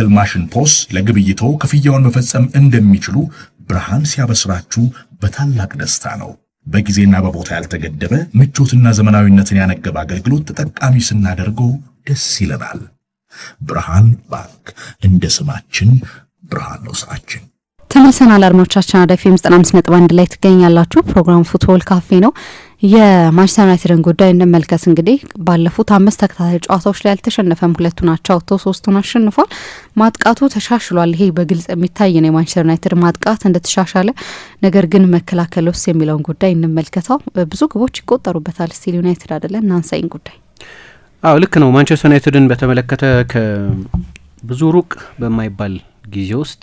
የመከላከል ማሽን ፖስ ለግብይተው ክፍያውን መፈጸም እንደሚችሉ ብርሃን ሲያበስራችሁ በታላቅ ደስታ ነው። በጊዜና በቦታ ያልተገደበ ምቾትና ዘመናዊነትን ያነገበ አገልግሎት ተጠቃሚ ስናደርገው ደስ ይለናል። ብርሃን ባንክ እንደ ስማችን ብርሃን ነው ስራችን። ተመልሰናል። አድማጮቻችን አራዳ ኤፍ ኤም አንድ ላይ ትገኛላችሁ። ፕሮግራም ፉትቦል ካፌ ነው። የማንቸስተር ዩናይትድን ጉዳይ እንመልከት። እንግዲህ ባለፉት አምስት ተከታታይ ጨዋታዎች ላይ አልተሸነፈም። ሁለቱን አቻ ወጥቶ ሶስቱን አሸንፏል። ማጥቃቱ ተሻሽሏል። ይሄ በግልጽ የሚታይ ነው። የማንቸስተር ዩናይትድ ማጥቃት እንደተሻሻለ፣ ነገር ግን መከላከል ውስጥ የሚለውን ጉዳይ እንመልከተው። ብዙ ግቦች ይቆጠሩበታል። ስቲል ዩናይትድ አደለ እናንሳይን ጉዳይ አዎ ልክ ነው። ማንቸስተር ዩናይትድን በተመለከተ ከብዙ ሩቅ በማይባል ጊዜ ውስጥ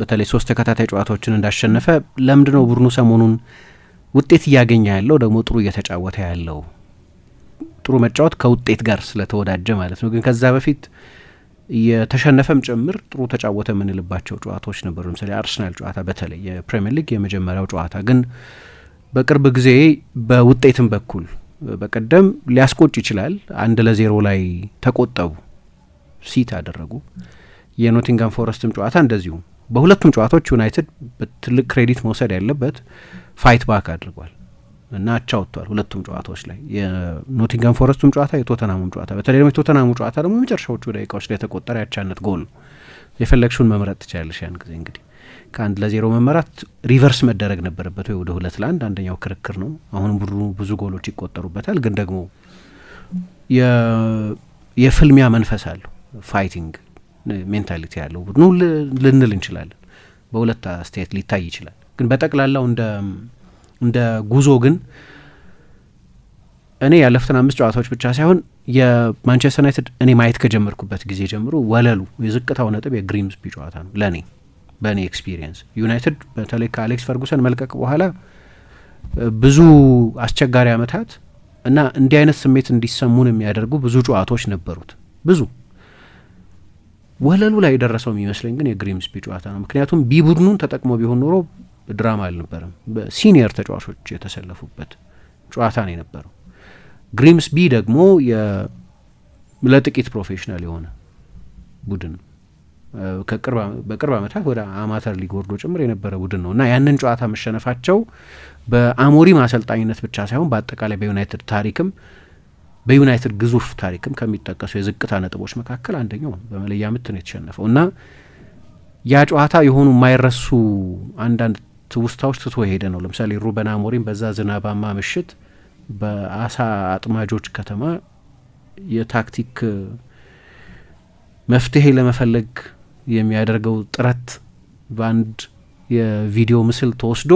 በተለይ ሶስት ተከታታይ ጨዋታዎችን እንዳሸነፈ ለምንድነው ቡድኑ ሰሞኑን ውጤት እያገኘ ያለው ደግሞ ጥሩ እየተጫወተ ያለው ጥሩ መጫወት ከውጤት ጋር ስለተወዳጀ ማለት ነው። ግን ከዛ በፊት የተሸነፈም ጭምር ጥሩ ተጫወተ የምንልባቸው ጨዋታዎች ነበሩ። ለምሳሌ አርሰናል ጨዋታ በተለይ የፕሪምየር ሊግ የመጀመሪያው ጨዋታ ግን በቅርብ ጊዜ በውጤትም በኩል በቀደም ሊያስቆጭ ይችላል። አንድ ለዜሮ ላይ ተቆጠቡ፣ ሲት አደረጉ። የኖቲንጋም ፎረስትም ጨዋታ እንደዚሁ። በሁለቱም ጨዋታዎች ዩናይትድ ትልቅ ክሬዲት መውሰድ ያለበት ፋይት ባክ አድርጓል እና አቻ ወጥቷል ሁለቱም ጨዋታዎች ላይ የኖቲንገም ፎረስቱም ጨዋታ የቶተናሙም ጨዋታ በተለይ ደግሞ የቶተናሙ ጨዋታ ደግሞ የመጨረሻዎቹ ደቂቃዎች ላይ የተቆጠረ ያቻነት ጎል ነው። የፈለግሽውን መምረጥ ትችላለሽ። ያን ጊዜ እንግዲህ ከአንድ ለዜሮ መመራት ሪቨርስ መደረግ ነበረበት ወይ ወደ ሁለት ለአንድ አንደኛው ክርክር ነው። አሁንም ቡድኑ ብዙ ጎሎች ይቆጠሩበታል፣ ግን ደግሞ የፍልሚያ መንፈስ አለው ፋይቲንግ ሜንታሊቲ ያለው ቡድኑ ልንል እንችላለን። በሁለት አስተያየት ሊታይ ይችላል። ግን በጠቅላላው እንደ እንደ ጉዞ ግን እኔ ያለፉትን አምስት ጨዋታዎች ብቻ ሳይሆን የማንቸስተር ዩናይትድ እኔ ማየት ከጀመርኩበት ጊዜ ጀምሮ ወለሉ የዝቅታው ነጥብ የግሪምስቢ ጨዋታ ነው ለእኔ በእኔ ኤክስፒሪየንስ ዩናይትድ በተለይ ከአሌክስ ፈርጉሰን መልቀቅ በኋላ ብዙ አስቸጋሪ አመታት እና እንዲህ አይነት ስሜት እንዲሰሙን የሚያደርጉ ብዙ ጨዋታዎች ነበሩት። ብዙ ወለሉ ላይ የደረሰው የሚመስለኝ ግን የግሪምስቢ ጨዋታ ነው። ምክንያቱም ቢ ቡድኑን ተጠቅሞ ቢሆን ኖሮ ድራማ አልነበረም። በሲኒየር ተጫዋቾች የተሰለፉበት ጨዋታ ነው የነበረው። ግሪምስቢ ደግሞ ለጥቂት ፕሮፌሽናል የሆነ ቡድን በቅርብ ዓመታት ወደ አማተር ሊግ ወርዶ ጭምር የነበረ ቡድን ነው እና ያንን ጨዋታ መሸነፋቸው በአሞሪም አሰልጣኝነት ብቻ ሳይሆን በአጠቃላይ በዩናይትድ ታሪክም በዩናይትድ ግዙፍ ታሪክም ከሚጠቀሱ የዝቅታ ነጥቦች መካከል አንደኛው በመለያ ምት ነው የተሸነፈው እና ያ ጨዋታ የሆኑ የማይረሱ አንዳንድ ትውስታዎች ትቶ የሄደ ነው። ለምሳሌ ሩበን አሞሪም በዛ ዝናባማ ምሽት በአሳ አጥማጆች ከተማ የታክቲክ መፍትሄ ለመፈለግ የሚያደርገው ጥረት በአንድ የቪዲዮ ምስል ተወስዶ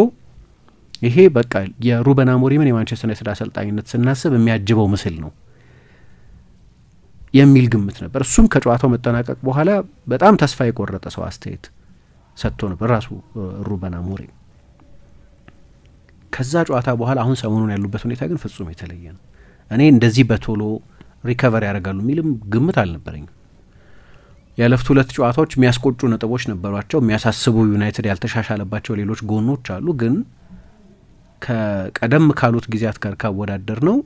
ይሄ በቃ የሩበን አሞሪምን የማንቸስተር ዩናይትድ አሰልጣኝነት ስናስብ የሚያጅበው ምስል ነው የሚል ግምት ነበር። እሱም ከጨዋታው መጠናቀቅ በኋላ በጣም ተስፋ የቆረጠ ሰው አስተያየት ሰጥቶ ነበር ራሱ ሩበን አሞሪም። ከዛ ጨዋታ በኋላ አሁን ሰሞኑን ያሉበት ሁኔታ ግን ፍጹም የተለየ ነው። እኔ እንደዚህ በቶሎ ሪከቨር ያደርጋሉ የሚልም ግምት አልነበረኝም። ያለፉት ሁለት ጨዋታዎች የሚያስቆጩ ነጥቦች ነበሯቸው፣ የሚያሳስቡ ዩናይትድ ያልተሻሻለባቸው ሌሎች ጎኖች አሉ። ግን ከቀደም ካሉት ጊዜያት ጋር ካወዳደር ነው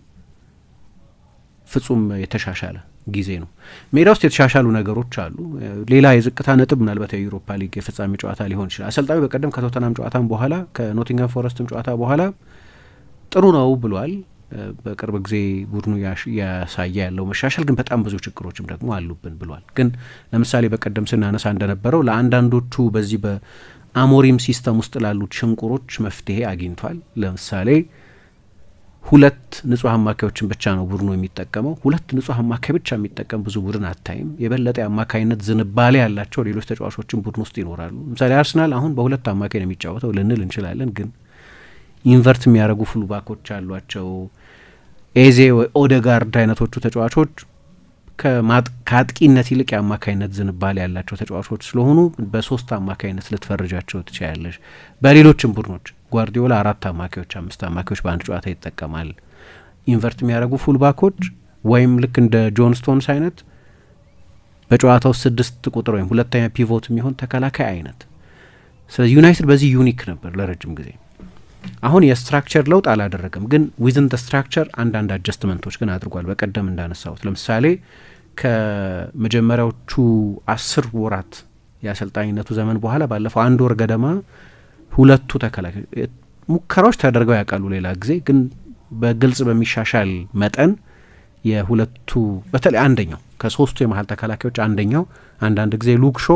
ፍጹም የተሻሻለ ጊዜ ነው። ሜዳ ውስጥ የተሻሻሉ ነገሮች አሉ። ሌላ የዝቅታ ነጥብ ምናልባት የዩሮፓ ሊግ የፍጻሜ ጨዋታ ሊሆን ይችላል። አሰልጣኙ በቀደም ከቶተናም ጨዋታም በኋላ ከኖቲንጋም ፎረስትም ጨዋታ በኋላ ጥሩ ነው ብሏል። በቅርብ ጊዜ ቡድኑ እያሳየ ያለው መሻሻል ግን በጣም ብዙ ችግሮችም ደግሞ አሉብን ብሏል። ግን ለምሳሌ በቀደም ስናነሳ እንደነበረው ለአንዳንዶቹ በዚህ በአሞሪም ሲስተም ውስጥ ላሉት ሽንቁሮች መፍትሄ አግኝቷል። ለምሳሌ ሁለት ንጹህ አማካዮችን ብቻ ነው ቡድኑ የሚጠቀመው። ሁለት ንጹህ አማካይ ብቻ የሚጠቀም ብዙ ቡድን አታይም። የበለጠ የአማካይነት ዝንባሌ ያላቸው ሌሎች ተጫዋቾችን ቡድን ውስጥ ይኖራሉ። ለምሳሌ አርሰናል አሁን በሁለት አማካይ ነው የሚጫወተው ልንል እንችላለን፣ ግን ኢንቨርት የሚያደርጉ ፉልባኮች አሏቸው። ኤዜ ወይ ኦደጋርድ አይነቶቹ ተጫዋቾች ከአጥቂነት ይልቅ የአማካይነት ዝንባሌ ያላቸው ተጫዋቾች ስለሆኑ በሶስት አማካይነት ልትፈርጃቸው ትችላለች። በሌሎችም ቡድኖች ጓርዲዮላ አራት አማካዮች አምስት አማካዮች በአንድ ጨዋታ ይጠቀማል። ኢንቨርት የሚያደርጉ ፉልባኮች ወይም ልክ እንደ ጆን ስቶንስ አይነት በጨዋታ ውስጥ ስድስት ቁጥር ወይም ሁለተኛ ፒቮት የሚሆን ተከላካይ አይነት። ስለዚህ ዩናይትድ በዚህ ዩኒክ ነበር ለረጅም ጊዜ። አሁን የስትራክቸር ለውጥ አላደረገም፣ ግን ዊዝን ደ ስትራክቸር አንዳንድ አጀስትመንቶች ግን አድርጓል። በቀደም እንዳነሳሁት ለምሳሌ ከመጀመሪያዎቹ አስር ወራት የአሰልጣኝነቱ ዘመን በኋላ ባለፈው አንድ ወር ገደማ ሁለቱ ተከላካይ ሙከራዎች ተደርገው ያውቃሉ። ሌላ ጊዜ ግን በግልጽ በሚሻሻል መጠን የሁለቱ በተለይ አንደኛው ከሶስቱ የመሀል ተከላካዮች አንደኛው አንዳንድ ጊዜ ሉክሾ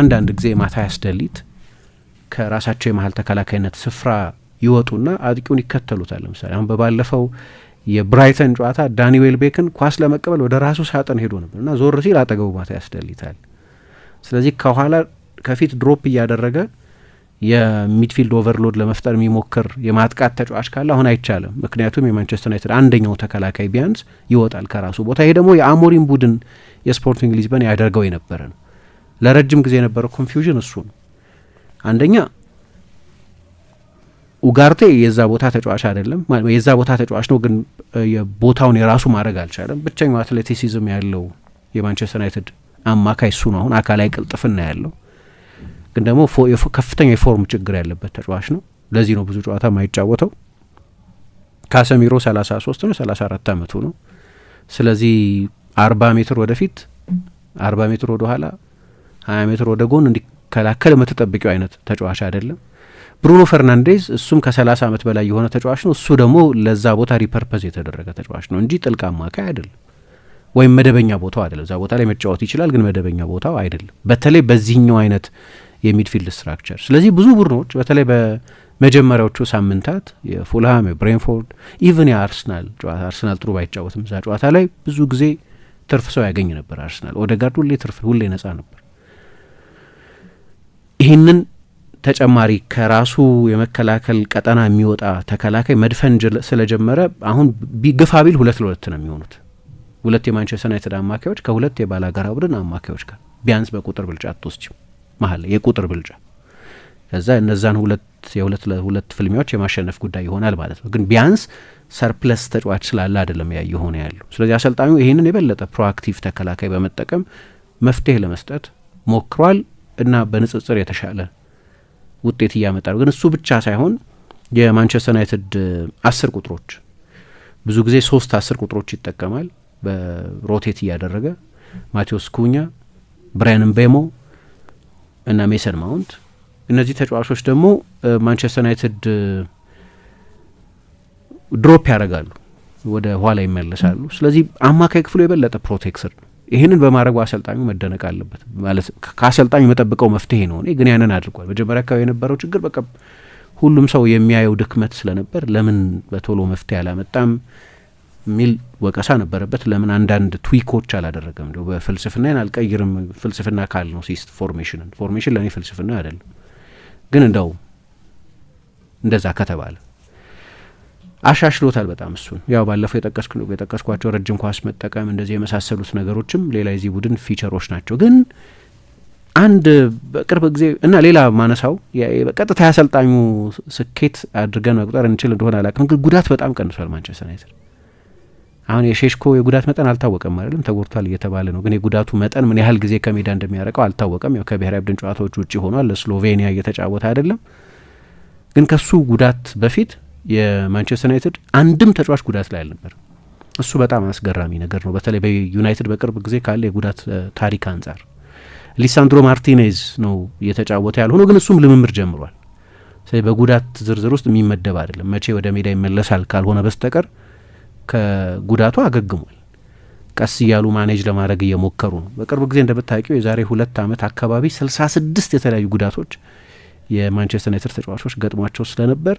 አንዳንድ ጊዜ ማታያስ ደሊት ከራሳቸው የመሀል ተከላካይነት ስፍራ ይወጡና አጥቂውን ይከተሉታል። ለምሳሌ አሁን በባለፈው የብራይተን ጨዋታ ዳኒ ዌልቤክን ኳስ ለመቀበል ወደ ራሱ ሳጥን ሄዶ ነበር እና ዞር ሲል አጠገቡ ማታ ያስደሊታል። ስለዚህ ከኋላ ከፊት ድሮፕ እያደረገ የሚድፊልድ ኦቨርሎድ ለመፍጠር የሚሞክር የማጥቃት ተጫዋች ካለ አሁን አይቻልም። ምክንያቱም የማንቸስተር ዩናይትድ አንደኛው ተከላካይ ቢያንስ ይወጣል ከራሱ ቦታ። ይሄ ደግሞ የአሞሪም ቡድን የስፖርቲንግ ሊዝበን ያደርገው የነበረ ነው። ለረጅም ጊዜ የነበረው ኮንፊውዥን እሱ ነው። አንደኛ ኡጋርቴ የዛ ቦታ ተጫዋች አይደለም፣ የዛ ቦታ ተጫዋች ነው፣ ግን ቦታውን የራሱ ማድረግ አልቻለም። ብቸኛው አትሌቲሲዝም ያለው የማንቸስተር ዩናይትድ አማካይ እሱ ነው። አሁን አካላዊ ቅልጥፍና ያለው ግን ደግሞ ከፍተኛ የፎርም ችግር ያለበት ተጫዋች ነው። ለዚህ ነው ብዙ ጨዋታ ማይጫወተው። ካሰሚሮ 33 ነው፣ 34 ዓመቱ ነው። ስለዚህ 40 ሜትር ወደፊት፣ 40 ሜትር ወደ ኋላ፣ 20 ሜትር ወደ ጎን እንዲከላከል የምትጠብቂው አይነት ተጫዋች አይደለም። ብሩኖ ፈርናንዴዝ እሱም ከ30 ዓመት በላይ የሆነ ተጫዋች ነው። እሱ ደግሞ ለዛ ቦታ ሪፐርፐዝ የተደረገ ተጫዋች ነው እንጂ ጥልቅ አማካይ አይደለም፣ ወይም መደበኛ ቦታው አይደለም። እዛ ቦታ ላይ መጫወት ይችላል፣ ግን መደበኛ ቦታው አይደለም። በተለይ በዚህኛው አይነት የሚድፊልድ ስትራክቸር። ስለዚህ ብዙ ቡድኖች በተለይ በመጀመሪያዎቹ ሳምንታት የፉልሃም፣ የብሬንፎርድ ኢቨን የአርሰናል ጨዋታ አርሰናል ጥሩ ባይጫወትም እዛ ጨዋታ ላይ ብዙ ጊዜ ትርፍ ሰው ያገኝ ነበር አርሰናል። ኦደጋርድ ሁሌ ትርፍ ሁሌ ነጻ ነበር። ይህንን ተጨማሪ ከራሱ የመከላከል ቀጠና የሚወጣ ተከላካይ መድፈን ስለጀመረ አሁን ግፋ ቢል ሁለት ለሁለት ነው የሚሆኑት። ሁለት የማንቸስተር ዩናይትድ አማካዮች ከሁለት የባላጋራ ቡድን አማካዮች ጋር ቢያንስ በቁጥር ብልጫ አትወስጅም። መሀል ላይ የቁጥር ብልጫ ከዛ እነዛን ሁለት የሁለት ለሁለት ፍልሚያዎች የማሸነፍ ጉዳይ ይሆናል ማለት ነው። ግን ቢያንስ ሰርፕለስ ተጫዋች ስላለ አይደለም ያ እየሆነ ያሉ። ስለዚህ አሰልጣኙ ይህንን የበለጠ ፕሮአክቲቭ ተከላካይ በመጠቀም መፍትሄ ለመስጠት ሞክሯል እና በንጽጽር የተሻለ ውጤት እያመጣ ነው። ግን እሱ ብቻ ሳይሆን የማንቸስተር ዩናይትድ አስር ቁጥሮች ብዙ ጊዜ ሶስት አስር ቁጥሮች ይጠቀማል በሮቴት እያደረገ ማቴዎስ ኩኛ፣ ብራያን ምቤሞ እና ሜሰን ማውንት እነዚህ ተጫዋቾች ደግሞ ማንቸስተር ዩናይትድ ድሮፕ ያደርጋሉ፣ ወደ ኋላ ይመለሳሉ። ስለዚህ አማካይ ክፍሉ የበለጠ ፕሮቴክሰር ነው። ይህንን በማድረጉ አሰልጣኙ መደነቅ አለበት። ማለት ከአሰልጣኙ የመጠብቀው መፍትሄ ነው፣ ግን ያንን አድርጓል። መጀመሪያ አካባቢ የነበረው ችግር በቃ ሁሉም ሰው የሚያየው ድክመት ስለነበር ለምን በቶሎ መፍትሄ አላመጣም የሚል ወቀሳ ነበረበት። ለምን አንዳንድ ትዊኮች አላደረገም? እንዲያው በፍልስፍናዬን አልቀይርም። ፍልስፍና ካል ነው ሲስት ፎርሜሽንን ፎርሜሽን ለእኔ ፍልስፍና አይደለም። ግን እንደው እንደዛ ከተባለ አሻሽሎታል በጣም እሱን። ያው ባለፈው የጠቀስኳቸው ረጅም ኳስ መጠቀም እንደዚህ የመሳሰሉት ነገሮችም ሌላ የዚህ ቡድን ፊቸሮች ናቸው። ግን አንድ በቅርብ ጊዜ እና ሌላ ማነሳው በቀጥታ ያሰልጣኙ ስኬት አድርገን መቁጠር እንችል እንደሆነ አላውቅም፣ ግን ጉዳት በጣም ቀንሷል ማንቸስተር ዩናይትድ አሁን የሼሽኮ የጉዳት መጠን አልታወቀም አይደለም፣ ተጎድቷል እየተባለ ነው። ግን የጉዳቱ መጠን ምን ያህል ጊዜ ከሜዳ እንደሚያረቀው አልታወቀም። ያው ከብሔራዊ ቡድን ጨዋታዎች ውጭ ሆኗል። ለስሎቬኒያ እየተጫወተ አይደለም። ግን ከሱ ጉዳት በፊት የማንቸስተር ዩናይትድ አንድም ተጫዋች ጉዳት ላይ አልነበር። እሱ በጣም አስገራሚ ነገር ነው። በተለይ በዩናይትድ በቅርብ ጊዜ ካለ የጉዳት ታሪክ አንጻር ሊሳንድሮ ማርቲኔዝ ነው እየተጫወተ ያልሆነ ግን እሱም ልምምር ጀምሯል። ስለዚህ በጉዳት ዝርዝር ውስጥ የሚመደብ አይደለም። መቼ ወደ ሜዳ ይመለሳል ካልሆነ በስተቀር ከጉዳቱ አገግሟል። ቀስ እያሉ ማኔጅ ለማድረግ እየሞከሩ ነው። በቅርብ ጊዜ እንደምታውቂው የዛሬ ሁለት ዓመት አካባቢ ስልሳ ስድስት የተለያዩ ጉዳቶች የማንቸስተር ዩናይትድ ተጫዋቾች ገጥሟቸው ስለነበር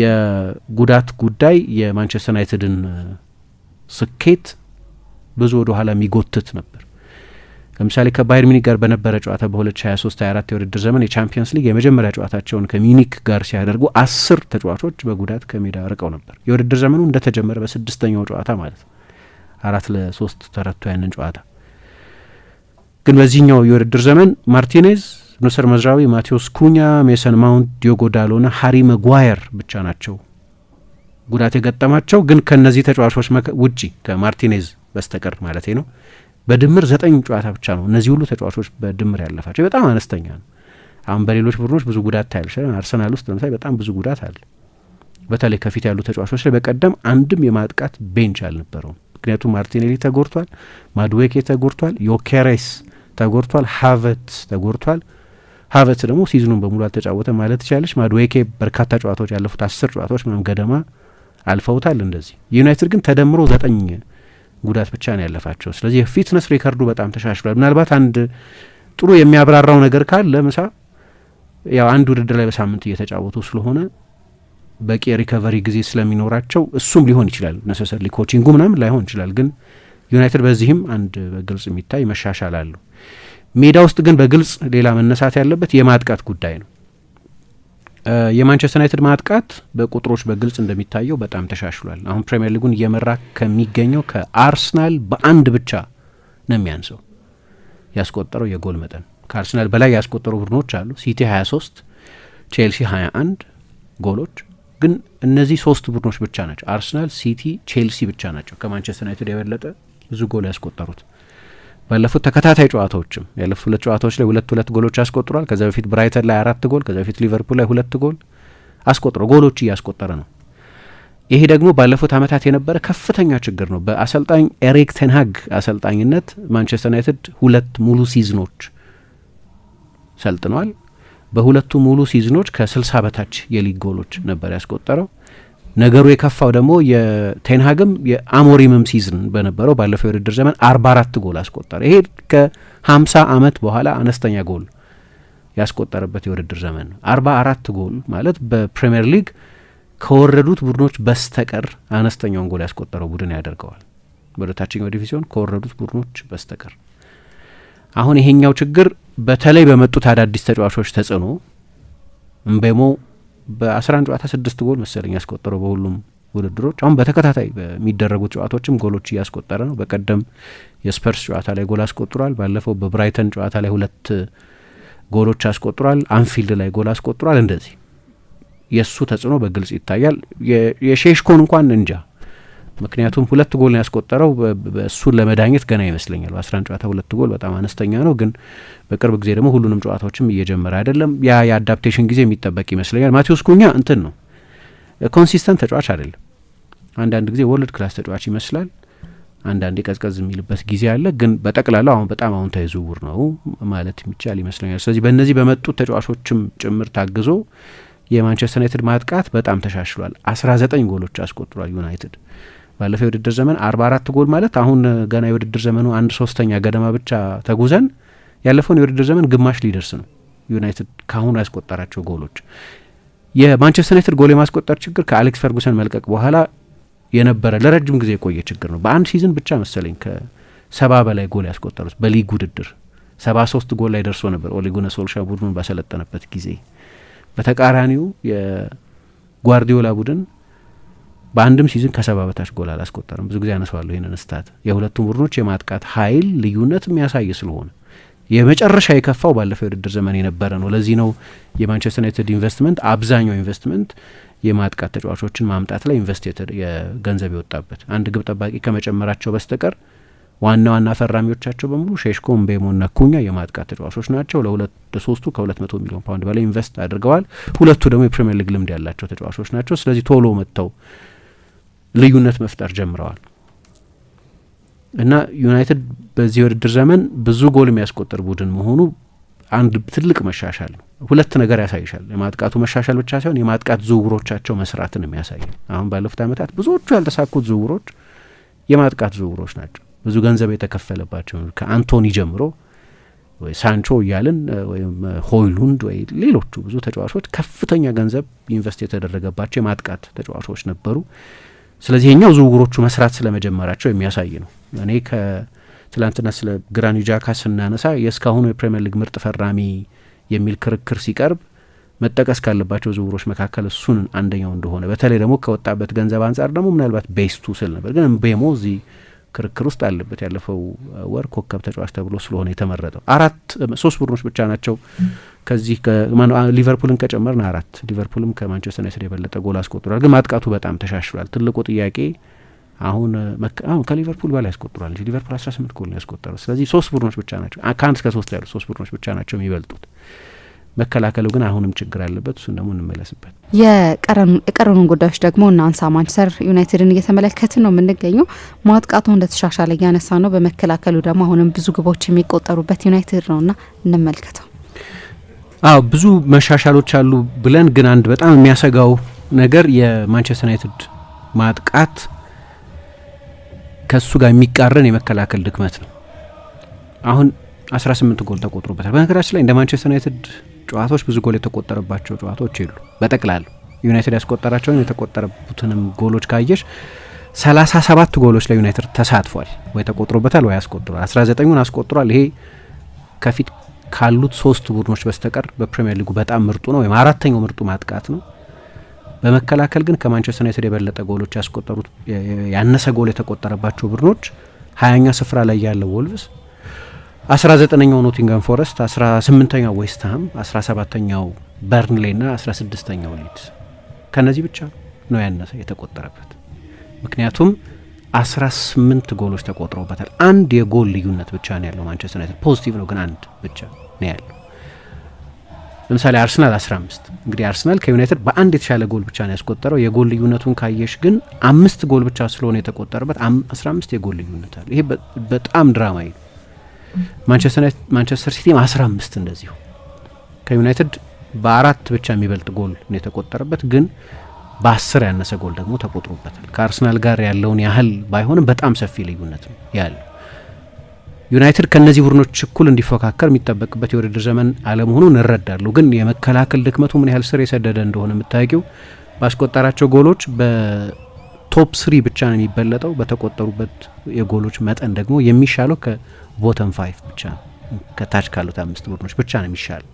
የጉዳት ጉዳይ የማንቸስተር ዩናይትድን ስኬት ብዙ ወደ ኋላ የሚጎትት ነበር። ለምሳሌ ከባየር ሚኒክ ጋር በነበረ ጨዋታ በ2023/24 የውድድር ዘመን የቻምፒየንስ ሊግ የመጀመሪያ ጨዋታቸውን ከሚኒክ ጋር ሲያደርጉ አስር ተጫዋቾች በጉዳት ከሜዳ ርቀው ነበር። የውድድር ዘመኑ እንደተጀመረ በስድስተኛው ጨዋታ ማለት ነው። አራት ለሶስት ተረቶ ያንን ጨዋታ ግን በዚህኛው የውድድር ዘመን ማርቲኔዝ፣ ኑሰር መዝራዊ፣ ማቴዎስ ኩኛ፣ ሜሰን ማውንት፣ ዲዮጎ ዳሎና፣ ሀሪ መጓየር ብቻ ናቸው ጉዳት የገጠማቸው ግን ከእነዚህ ተጫዋቾች ውጪ ከማርቲኔዝ በስተቀር ማለት ነው በድምር ዘጠኝ ጨዋታ ብቻ ነው እነዚህ ሁሉ ተጫዋቾች በድምር ያለፋቸው በጣም አነስተኛ ነው። አሁን በሌሎች ቡድኖች ብዙ ጉዳት ታይልሻል። አርሰናል ውስጥ ለምሳሌ በጣም ብዙ ጉዳት አለ። በተለይ ከፊት ያሉ ተጫዋቾች ላይ በቀደም አንድም የማጥቃት ቤንች አልነበረውም። ምክንያቱም ማርቲኔሊ ተጎርቷል ማድዌኬ ተጎርቷል ዮኬሬስ ተጎርቷል፣ ሀቨት ተጎርቷል። ሀቨት ደግሞ ሲዝኑን በሙሉ አልተጫወተ ማለት ትችላለች። ማድዌኬ በርካታ ጨዋታዎች ያለፉት አስር ጨዋታዎች ምናምን ገደማ አልፈውታል። እንደዚህ ዩናይትድ ግን ተደምሮ ዘጠኝ ጉዳት ብቻ ነው ያለፋቸው። ስለዚህ የፊትነስ ሪከርዱ በጣም ተሻሽሏል። ምናልባት አንድ ጥሩ የሚያብራራው ነገር ካለ ምሳ ያው አንድ ውድድር ላይ በሳምንት እየተጫወቱ ስለሆነ በቂ ሪከቨሪ ጊዜ ስለሚኖራቸው እሱም ሊሆን ይችላል። ነሰሰርሊ ኮቺንጉ ምናምን ላይሆን ይችላል። ግን ዩናይትድ በዚህም አንድ በግልጽ የሚታይ መሻሻል አለው። ሜዳ ውስጥ ግን በግልጽ ሌላ መነሳት ያለበት የማጥቃት ጉዳይ ነው። የማንቸስተር ዩናይትድ ማጥቃት በቁጥሮች በግልጽ እንደሚታየው በጣም ተሻሽሏል። አሁን ፕሪምየር ሊጉን እየመራ ከሚገኘው ከአርሰናል በአንድ ብቻ ነው የሚያንሰው ያስቆጠረው የጎል መጠን። ከአርሰናል በላይ ያስቆጠሩ ቡድኖች አሉ። ሲቲ 23 ቼልሲ 21 ጎሎች። ግን እነዚህ ሶስት ቡድኖች ብቻ ናቸው አርሰናል፣ ሲቲ፣ ቼልሲ ብቻ ናቸው ከማንቸስተር ዩናይትድ የበለጠ ብዙ ጎል ያስቆጠሩት። ባለፉት ተከታታይ ጨዋታዎችም ያለፉት ሁለት ጨዋታዎች ላይ ሁለት ሁለት ጎሎች አስቆጥሯል። ከዚ በፊት ብራይተን ላይ አራት ጎል፣ ከዚ በፊት ሊቨርፑል ላይ ሁለት ጎል አስቆጥሮ ጎሎች እያስቆጠረ ነው። ይሄ ደግሞ ባለፉት ዓመታት የነበረ ከፍተኛ ችግር ነው። በአሰልጣኝ ኤሪክ ቴንሃግ አሰልጣኝነት ማንቸስተር ዩናይትድ ሁለት ሙሉ ሲዝኖች ሰልጥኗል። በሁለቱ ሙሉ ሲዝኖች ከ60 በታች የሊግ ጎሎች ነበር ያስቆጠረው። ነገሩ የከፋው ደግሞ የቴንሃግም የአሞሪምም ሲዝን በነበረው ባለፈው የውድድር ዘመን አርባ አራት ጎል አስቆጠረ። ይሄ ከሀምሳ አመት በኋላ አነስተኛ ጎል ያስቆጠረበት የውድድር ዘመን ነው። አርባ አራት ጎል ማለት በፕሪምየር ሊግ ከወረዱት ቡድኖች በስተቀር አነስተኛውን ጎል ያስቆጠረው ቡድን ያደርገዋል። ወደ ታችኛው ዲቪዚዮን ከወረዱት ቡድኖች በስተቀር አሁን ይሄኛው ችግር በተለይ በመጡት አዳዲስ ተጫዋቾች ተጽዕኖ እምቤሞ በ ጨዋታ ስድስት ጎል መሰለኝ ያስቆጠረው በሁሉም ውድድሮች። አሁን በተከታታይ በሚደረጉት ጨዋታዎችም ጎሎች እያስቆጠረ ነው። በቀደም የስፐርስ ጨዋታ ላይ ጎል አስቆጥሯል። ባለፈው በብራይተን ጨዋታ ላይ ሁለት ጎሎች አስቆጥሯል። አንፊልድ ላይ ጎል አስቆጥሯል። እንደዚህ የእሱ ተጽዕኖ በግልጽ ይታያል። የሼሽኮን እንኳን እንጃ ምክንያቱም ሁለት ጎል ያስቆጠረው። እሱን ለመዳኘት ገና ይመስለኛል። በአስራ ጨዋታ ሁለት ጎል በጣም አነስተኛ ነው፣ ግን በቅርብ ጊዜ ደግሞ ሁሉንም ጨዋታዎችም እየጀመረ አይደለም። ያ የአዳፕቴሽን ጊዜ የሚጠበቅ ይመስለኛል። ማቴዎስ ኩኛ እንትን ነው ኮንሲስተንት ተጫዋች አይደለም። አንዳንድ ጊዜ ወርልድ ክላስ ተጫዋች ይመስላል፣ አንዳንዴ ቀዝቀዝ የሚልበት ጊዜ አለ። ግን በጠቅላላው አሁን በጣም አሁን ዝውውር ነው ማለት የሚቻል ይመስለኛል። ስለዚህ በእነዚህ በመጡት ተጫዋቾችም ጭምር ታግዞ የማንቸስተር ዩናይትድ ማጥቃት በጣም ተሻሽሏል። አስራ ዘጠኝ ጎሎች አስቆጥሯል ዩናይትድ ባለፈው የውድድር ዘመን አርባ አራት ጎል ማለት አሁን ገና የውድድር ዘመኑ አንድ ሶስተኛ ገደማ ብቻ ተጉዘን ያለፈውን የውድድር ዘመን ግማሽ ሊደርስ ነው ዩናይትድ ከአሁኑ ያስቆጠራቸው ጎሎች። የማንቸስተር ዩናይትድ ጎል የማስቆጠር ችግር ከአሌክስ ፈርጉሰን መልቀቅ በኋላ የነበረ ለረጅም ጊዜ የቆየ ችግር ነው። በአንድ ሲዝን ብቻ መሰለኝ ከሰባ በላይ ጎል ያስቆጠሩት በሊግ ውድድር ሰባ ሶስት ጎል ላይ ደርሶ ነበር ኦሌጉነ ሶልሻ ቡድኑን ባሰለጠነበት ጊዜ። በተቃራኒው የጓርዲዮላ ቡድን በአንድም ሲዝን ከሰባ በታች ጎል አላስቆጠርም። ብዙ ጊዜ አነሳዋለሁ ይህንን ስታት የሁለቱም ቡድኖች የማጥቃት ኃይል ልዩነት የሚያሳይ ስለሆነ የመጨረሻ የከፋው ባለፈው የውድድር ዘመን የነበረ ነው። ለዚህ ነው የማንቸስተር ዩናይትድ ኢንቨስትመንት አብዛኛው ኢንቨስትመንት የማጥቃት ተጫዋቾችን ማምጣት ላይ ኢንቨስት ገንዘብ የወጣበት አንድ ግብ ጠባቂ ከመጨመራቸው በስተቀር ዋና ዋና ፈራሚዎቻቸው በሙሉ ሼሽኮ፣ ምቤሞ ና ኩኛ የማጥቃት ተጫዋቾች ናቸው። ለሶስቱ ከ200 መቶ ሚሊዮን ፓውንድ በላይ ኢንቨስት አድርገዋል። ሁለቱ ደግሞ የፕሪምየር ሊግ ልምድ ያላቸው ተጫዋቾች ናቸው። ስለዚህ ቶሎ መጥተው ልዩነት መፍጠር ጀምረዋል እና ዩናይትድ በዚህ ውድድር ዘመን ብዙ ጎል የሚያስቆጥር ቡድን መሆኑ አንድ ትልቅ መሻሻል ነው። ሁለት ነገር ያሳይሻል። የማጥቃቱ መሻሻል ብቻ ሳይሆን የማጥቃት ዝውውሮቻቸው መስራትን የሚያሳይ አሁን ባለፉት ዓመታት ብዙዎቹ ያልተሳኩት ዝውውሮች የማጥቃት ዝውውሮች ናቸው። ብዙ ገንዘብ የተከፈለባቸው ከአንቶኒ ጀምሮ ወይ ሳንቾ እያልን ወይም ሆይሉንድ ወይ ሌሎቹ ብዙ ተጫዋቾች ከፍተኛ ገንዘብ ኢንቨስት የተደረገባቸው የማጥቃት ተጫዋቾች ነበሩ። ስለዚህ ኛው ዝውውሮቹ መስራት ስለመጀመራቸው የሚያሳይ ነው። እኔ ከትላንትና ስለ ግራኒ ጃካ ስናነሳ የእስካሁኑ የፕሪምየር ሊግ ምርጥ ፈራሚ የሚል ክርክር ሲቀርብ መጠቀስ ካለባቸው ዝውውሮች መካከል እሱን አንደኛው እንደሆነ በተለይ ደግሞ ከወጣበት ገንዘብ አንጻር ደግሞ ምናልባት ቤስቱ ስል ነበር ግን ቤሞ እዚህ ክርክር ውስጥ አለበት። ያለፈው ወር ኮከብ ተጫዋች ተብሎ ስለሆነ የተመረጠው አራት ሶስት ቡድኖች ብቻ ናቸው ከዚህ ሊቨርፑልን ከጨመርን አራት። ሊቨርፑልም ከማንቸስተር ዩናይትድ የበለጠ ጎል አስቆጥሯል፣ ግን ማጥቃቱ በጣም ተሻሽሏል። ትልቁ ጥያቄ አሁን አሁን ከሊቨርፑል በላይ ያስቆጥሯል እንጂ ሊቨርፑል አስራ ስምንት ጎል ነው ያስቆጠረው። ስለዚህ ሶስት ቡድኖች ብቻ ናቸው ከአንድ እስከ ሶስት ያሉ ሶስት ቡድኖች ብቻ ናቸው የሚበልጡት። መከላከሉ ግን አሁንም ችግር አለበት። እሱን ደግሞ እንመለስበት። የቀረኑን ጉዳዮች ደግሞ እናንሳ። ማንቸስተር ዩናይትድን እየተመለከትን ነው የምንገኘው። ማጥቃቱ እንደተሻሻለ እያነሳ ነው፣ በመከላከሉ ደግሞ አሁንም ብዙ ግቦች የሚቆጠሩበት ዩናይትድ ነውና እንመልከተው። አዎ ብዙ መሻሻሎች አሉ ብለን ግን አንድ በጣም የሚያሰጋው ነገር የማንቸስተር ዩናይትድ ማጥቃት ከእሱ ጋር የሚቃረን የመከላከል ድክመት ነው። አሁን 18 ጎል ተቆጥሮበታል። በነገራችን ላይ እንደ ማንቸስተር ዩናይትድ ጨዋታዎች ብዙ ጎል የተቆጠረባቸው ጨዋታዎች የሉ። በጠቅላሉ ዩናይትድ ያስቆጠራቸውን የተቆጠረቡትንም ጎሎች ካየሽ 37 ጎሎች ለዩናይትድ ተሳትፏል ወይ ተቆጥሮበታል ወይ አስቆጥሯል። 19ን አስቆጥሯል። ይሄ ከፊት ካሉት ሶስት ቡድኖች በስተቀር በፕሪሚየር ሊጉ በጣም ምርጡ ነው ወይም አራተኛው ምርጡ ማጥቃት ነው። በመከላከል ግን ከማንቸስተር ዩናይትድ የበለጠ ጎሎች ያስቆጠሩት ያነሰ ጎል የተቆጠረባቸው ቡድኖች ሀያኛ ስፍራ ላይ ያለው ወልቭስ አስራ ዘጠነኛው ኖቲንጋም ፎረስት አስራ ስምንተኛው ዌስትሃም አስራ ሰባተኛው በርንሌ ና 16 ስድስተኛው ሊድስ ከእነዚህ ብቻ ነው ያነሰ የተቆጠረበት። ምክንያቱም ስምንት ጎሎች ተቆጥረውበታል። አንድ የጎል ልዩነት ብቻ ነው ያለው ማንቸስተር ዩናይትድ። ፖዚቲቭ ነው ግን አንድ ብቻ ነው ያለው። ለምሳሌ አርሰናል 15 እንግዲህ አርሰናል ከዩናይትድ በአንድ የተሻለ ጎል ብቻ ነው ያስቆጠረው። የጎል ልዩነቱን ካየሽ ግን አምስት ጎል ብቻ ስለሆነ የተቆጠረበት 15 የጎል ልዩነት አለ። ይሄ በጣም ድራማዊ ነው። ማንቸስተር ሲቲም አስራ አምስት እንደዚሁ ከዩናይትድ በአራት ብቻ የሚበልጥ ጎል ነው የተቆጠረበት፣ ግን በአስር ያነሰ ጎል ደግሞ ተቆጥሮበታል። ከአርሰናል ጋር ያለውን ያህል ባይሆንም በጣም ሰፊ ልዩነት ነው ያለው። ዩናይትድ ከእነዚህ ቡድኖች እኩል እንዲፎካከር የሚጠበቅበት የውድድር ዘመን አለመሆኑን እረዳለሁ፣ ግን የመከላከል ድክመቱ ምን ያህል ስር የሰደደ እንደሆነ የምታውቂው ባስቆጠራቸው ጎሎች ቶፕ ስሪ ብቻ ነው የሚበለጠው። በተቆጠሩበት የጎሎች መጠን ደግሞ የሚሻለው ከቦተም ፋይቭ ብቻ ነው፣ ከታች ካሉት አምስት ቡድኖች ብቻ ነው የሚሻለው።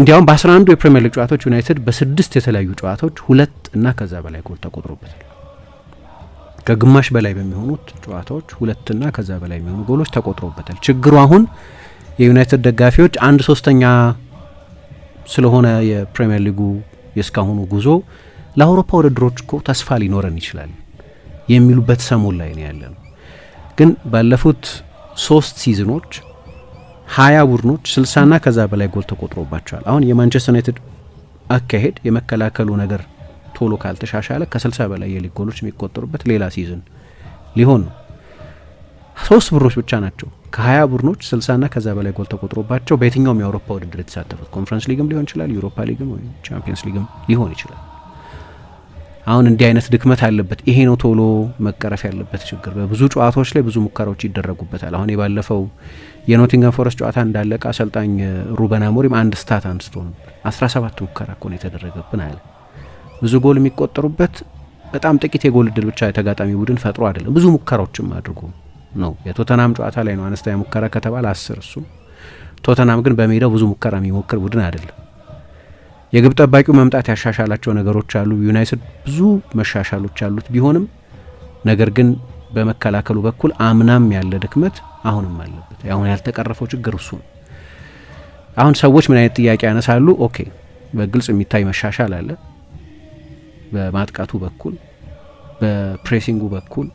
እንዲያውም በአስራ አንዱ የፕሪምየር ሊግ ጨዋታዎች ዩናይትድ በስድስት የተለያዩ ጨዋታዎች ሁለት እና ከዛ በላይ ጎል ተቆጥሮበታል። ከግማሽ በላይ በሚሆኑት ጨዋታዎች ሁለትና ከዛ በላይ የሚሆኑ ጎሎች ተቆጥሮበታል። ችግሩ አሁን የዩናይትድ ደጋፊዎች አንድ ሶስተኛ ስለሆነ የፕሪምየር ሊጉ የእስካሁኑ ጉዞ ለአውሮፓ ውድድሮች እኮ ተስፋ ሊኖረን ይችላል የሚሉበት ሰሞን ላይ ነው ያለ ነው። ግን ባለፉት ሶስት ሲዝኖች ሀያ ቡድኖች ስልሳና ከዛ በላይ ጎል ተቆጥሮባቸዋል። አሁን የማንቸስተር ዩናይትድ አካሄድ የመከላከሉ ነገር ቶሎ ካልተሻሻለ ከስልሳ በላይ የሊግ ጎሎች የሚቆጠሩበት ሌላ ሲዝን ሊሆን ነው። ሶስት ቡድኖች ብቻ ናቸው ከሀያ ቡድኖች ስልሳና ከዛ በላይ ጎል ተቆጥሮባቸው በየትኛውም የአውሮፓ ውድድር የተሳተፉት ኮንፈረንስ ሊግም ሊሆን ይችላል፣ ዩሮፓ ሊግም ወይም ቻምፒየንስ ሊግም ሊሆን ይችላል። አሁን እንዲህ አይነት ድክመት አለበት። ይሄ ነው ቶሎ መቀረፍ ያለበት ችግር። በብዙ ጨዋታዎች ላይ ብዙ ሙከራዎች ይደረጉበታል። አሁን የባለፈው የኖቲንገም ፎረስት ጨዋታ እንዳለቀ አሰልጣኝ ሩበን አሞሪም አንድ ስታት አንስቶ ነው 17 ሙከራ እኮ ነው የተደረገብን አለ። ብዙ ጎል የሚቆጠሩበት በጣም ጥቂት የጎል እድል ብቻ የተጋጣሚ ቡድን ፈጥሮ አይደለም፣ ብዙ ሙከራዎችም አድርጎ ነው። የቶተናም ጨዋታ ላይ ነው አነስተኛ ሙከራ ከተባለ አስር እሱ ቶተናም ግን በሜዳው ብዙ ሙከራ የሚሞክር ቡድን አይደለም። የግብ ጠባቂው መምጣት ያሻሻላቸው ነገሮች አሉ። ዩናይትድ ብዙ መሻሻሎች አሉት ቢሆንም ነገር ግን በመከላከሉ በኩል አምናም ያለ ድክመት አሁንም አለበት። አሁን ያልተቀረፈው ችግር እሱ ነው። አሁን ሰዎች ምን አይነት ጥያቄ ያነሳሉ? ኦኬ በግልጽ የሚታይ መሻሻል አለ በማጥቃቱ በኩል በፕሬሲንጉ በኩል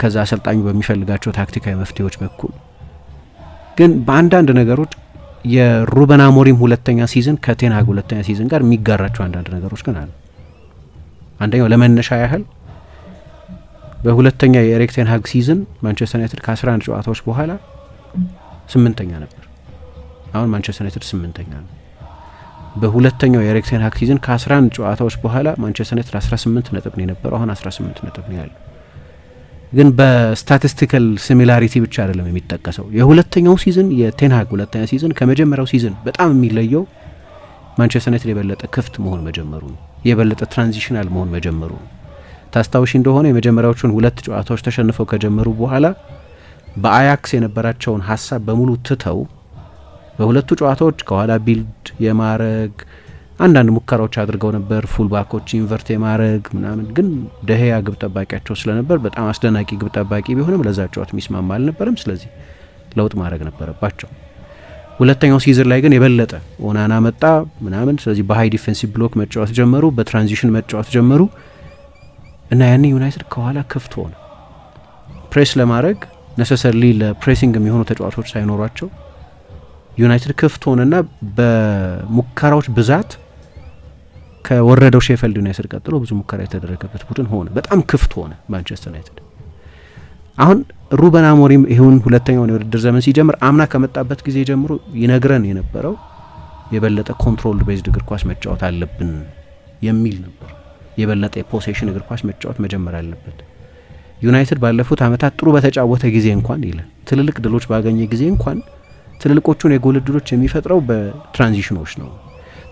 ከዛ አሰልጣኙ በሚፈልጋቸው ታክቲካዊ መፍትሄዎች በኩል ግን በአንዳንድ ነገሮች የሩበን አሞሪም ሁለተኛ ሲዝን ከቴንሃግ ሁለተኛ ሲዝን ጋር የሚጋራቸው አንዳንድ ነገሮች ግን አሉ። አንደኛው ለመነሻ ያህል በሁለተኛ የኤሪክ ቴንሃግ ሲዝን ማንቸስተር ዩናይትድ ከ11 ጨዋታዎች በኋላ ስምንተኛ ነበር። አሁን ማንቸስተር ዩናይትድ ስምንተኛ ነው። በሁለተኛው የኤሪክ ቴንሃግ ሲዝን ከ11 ጨዋታዎች በኋላ ማንቸስተር ዩናይትድ 18 ነጥብ ነው የነበረው። አሁን 18 ነጥብ ነው ያለው። ግን በስታቲስቲካል ሲሚላሪቲ ብቻ አይደለም የሚጠቀሰው። የሁለተኛው ሲዝን የቴንሃግ ሁለተኛ ሲዝን ከመጀመሪያው ሲዝን በጣም የሚለየው ማንቸስተር ዩናይትድ የበለጠ ክፍት መሆን መጀመሩ ነው። የበለጠ ትራንዚሽናል መሆን መጀመሩ ነው። ታስታውሺ እንደሆነ የመጀመሪያዎቹን ሁለት ጨዋታዎች ተሸንፈው ከጀመሩ በኋላ በአያክስ የነበራቸውን ሀሳብ በሙሉ ትተው በሁለቱ ጨዋታዎች ከኋላ ቢልድ የማረግ አንዳንድ ሙከራዎች አድርገው ነበር፣ ፉልባኮች ኢንቨርት የማድረግ ምናምን። ግን ደህያ ግብ ጠባቂያቸው ስለነበር በጣም አስደናቂ ግብ ጠባቂ ቢሆንም ለዛ ጨዋት የሚስማማ አልነበረም። ስለዚህ ለውጥ ማድረግ ነበረባቸው። ሁለተኛው ሲዝን ላይ ግን የበለጠ ኦናና መጣ ምናምን። ስለዚህ በሀይ ዲፌንሲቭ ብሎክ መጫወት ጀመሩ፣ በትራንዚሽን መጫወት ጀመሩ እና ያኔ ዩናይትድ ከኋላ ክፍት ሆነ። ፕሬስ ለማድረግ ነሰሰርሊ ለፕሬሲንግ የሚሆኑ ተጫዋቾች ሳይኖሯቸው ዩናይትድ ክፍት ሆነና በሙከራዎች ብዛት ከወረደው ሼፈልድ ዩናይትድ ቀጥሎ ብዙ ሙከራ የተደረገበት ቡድን ሆነ። በጣም ክፍት ሆነ ማንቸስተር ዩናይትድ። አሁን ሩበን አሞሪም ይሁን ሁለተኛውን የውድድር ዘመን ሲጀምር አምና ከመጣበት ጊዜ ጀምሮ ይነግረን የነበረው የበለጠ ኮንትሮል ቤዝድ እግር ኳስ መጫወት አለብን የሚል ነበር። የበለጠ የፖሴሽን እግር ኳስ መጫወት መጀመር አለበት ዩናይትድ ባለፉት ዓመታት ጥሩ በተጫወተ ጊዜ እንኳን ይላል ትልልቅ ድሎች ባገኘ ጊዜ እንኳን ትልልቆቹን የጎል የሚፈጥረው በትራንዚሽኖች ነው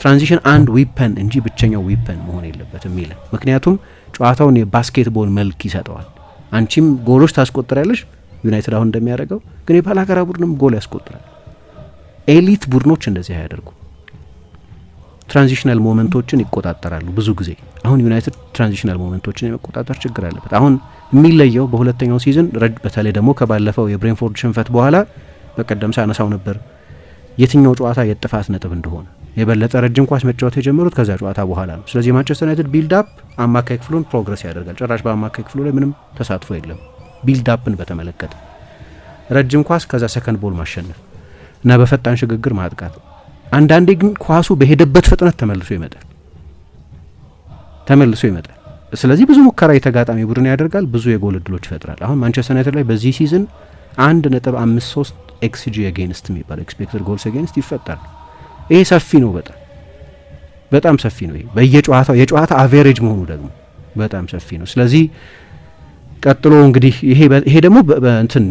ትራንዚሽን አንድ ዊፐን እንጂ ብቸኛው ዊፐን መሆን የለበትም ይለን። ምክንያቱም ጨዋታውን የባስኬትቦል መልክ ይሰጠዋል። አንቺም ጎሎች ታስቆጥራለሽ፣ ዩናይትድ አሁን እንደሚያደርገው ግን ሀገራ ቡድንም ጎል ያስቆጥራል። ኤሊት ቡድኖች እንደዚህ አያደርጉ። ትራንዚሽናል ሞመንቶችን ይቆጣጠራሉ ብዙ ጊዜ። አሁን ዩናይትድ ትራንዚሽናል ሞመንቶችን የመቆጣጠር ችግር አለበት። አሁን የሚለየው በሁለተኛው ሲዝን በተለይ ደግሞ ከባለፈው የብሬንፎርድ ሽንፈት በኋላ በቀደም ሳነሳው ነበር የትኛው ጨዋታ የጥፋት ነጥብ እንደሆነ የበለጠ ረጅም ኳስ መጫወት የጀመሩት ከዛ ጨዋታ በኋላ ነው። ስለዚህ ማንቸስተር ዩናይትድ አፕ አማካይ ክፍሉን ፕሮግረስ ያደርጋል። ጭራሽ በአማካይ ክፍሉ ላይ ምንም ተሳትፎ የለም። አፕን በተመለከተ ረጅም ኳስ፣ ከዛ ሰከንድ ቦል ማሸነፍ እና በፈጣን ሽግግር ማጥቃት። አንዳንዴ ግን ኳሱ በሄደበት ፍጥነት ተመልሶ ይመጣል ተመልሶ ይመጣል። ስለዚህ ብዙ ሙከራ የተጋጣሚ ቡድን ያደርጋል፣ ብዙ የጎል እድሎች ይፈጥራል። አሁን ማንቸስተር ዩናይትድ ላይ በዚህ ሲዝን አንድ ነጥብ አምስት ሶስት ኤክስጂ ኤጌንስት የሚባል ኤክስፔክትድ ጎልስ ኤጌንስት ይፈጠራል። ይሄ ሰፊ ነው። በጣም በጣም ሰፊ ነው። በየጨዋታው የጨዋታ አቬሬጅ መሆኑ ደግሞ በጣም ሰፊ ነው። ስለዚህ ቀጥሎ እንግዲህ ይሄ ይሄ ደግሞ እንትን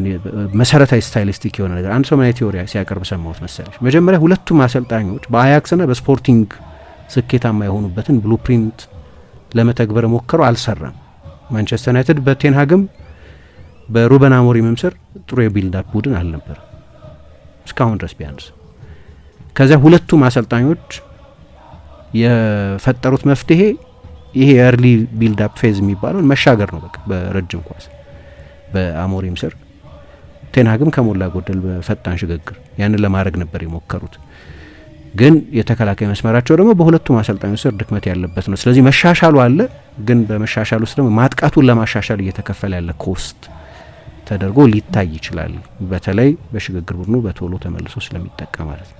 መሰረታዊ ስታይሊስቲክ የሆነ ነገር አንድ ሰው ምን ቴዎሪ ሲያቀርብ ሰማሁት መሰለሽ። መጀመሪያ ሁለቱም አሰልጣኞች በአያክስና በስፖርቲንግ ስኬታማ የሆኑበትን ብሉፕሪንት ለመተግበር ሞከሩ፣ አልሰራም። ማንቸስተር ዩናይትድ በቴንሃግም በሩበን አሞሪምም ስር ጥሩ የቢልድ አፕ ቡድን አልነበረ እስካሁን ድረስ ቢያንስ ከዚያ ሁለቱም አሰልጣኞች የፈጠሩት መፍትሄ ይሄ ቢልድ አፕ ፌዝ የሚባለውን መሻገር ነው። በቃ በረጅም ኳስ በአሞሪም ስር ቴንሃግም ከሞላ ጎደል በፈጣን ሽግግር ያንን ለማድረግ ነበር የሞከሩት። ግን የተከላካይ መስመራቸው ደግሞ በሁለቱም አሰልጣኞች ስር ድክመት ያለበት ነው። ስለዚህ መሻሻሉ አለ፣ ግን በመሻሻሉ ውስጥ ደግሞ ማጥቃቱን ለማሻሻል እየተከፈለ ያለ ኮስት ተደርጎ ሊታይ ይችላል። በተለይ በሽግግር ቡድኑ በቶሎ ተመልሶ ስለሚጠቀም ማለት ነው።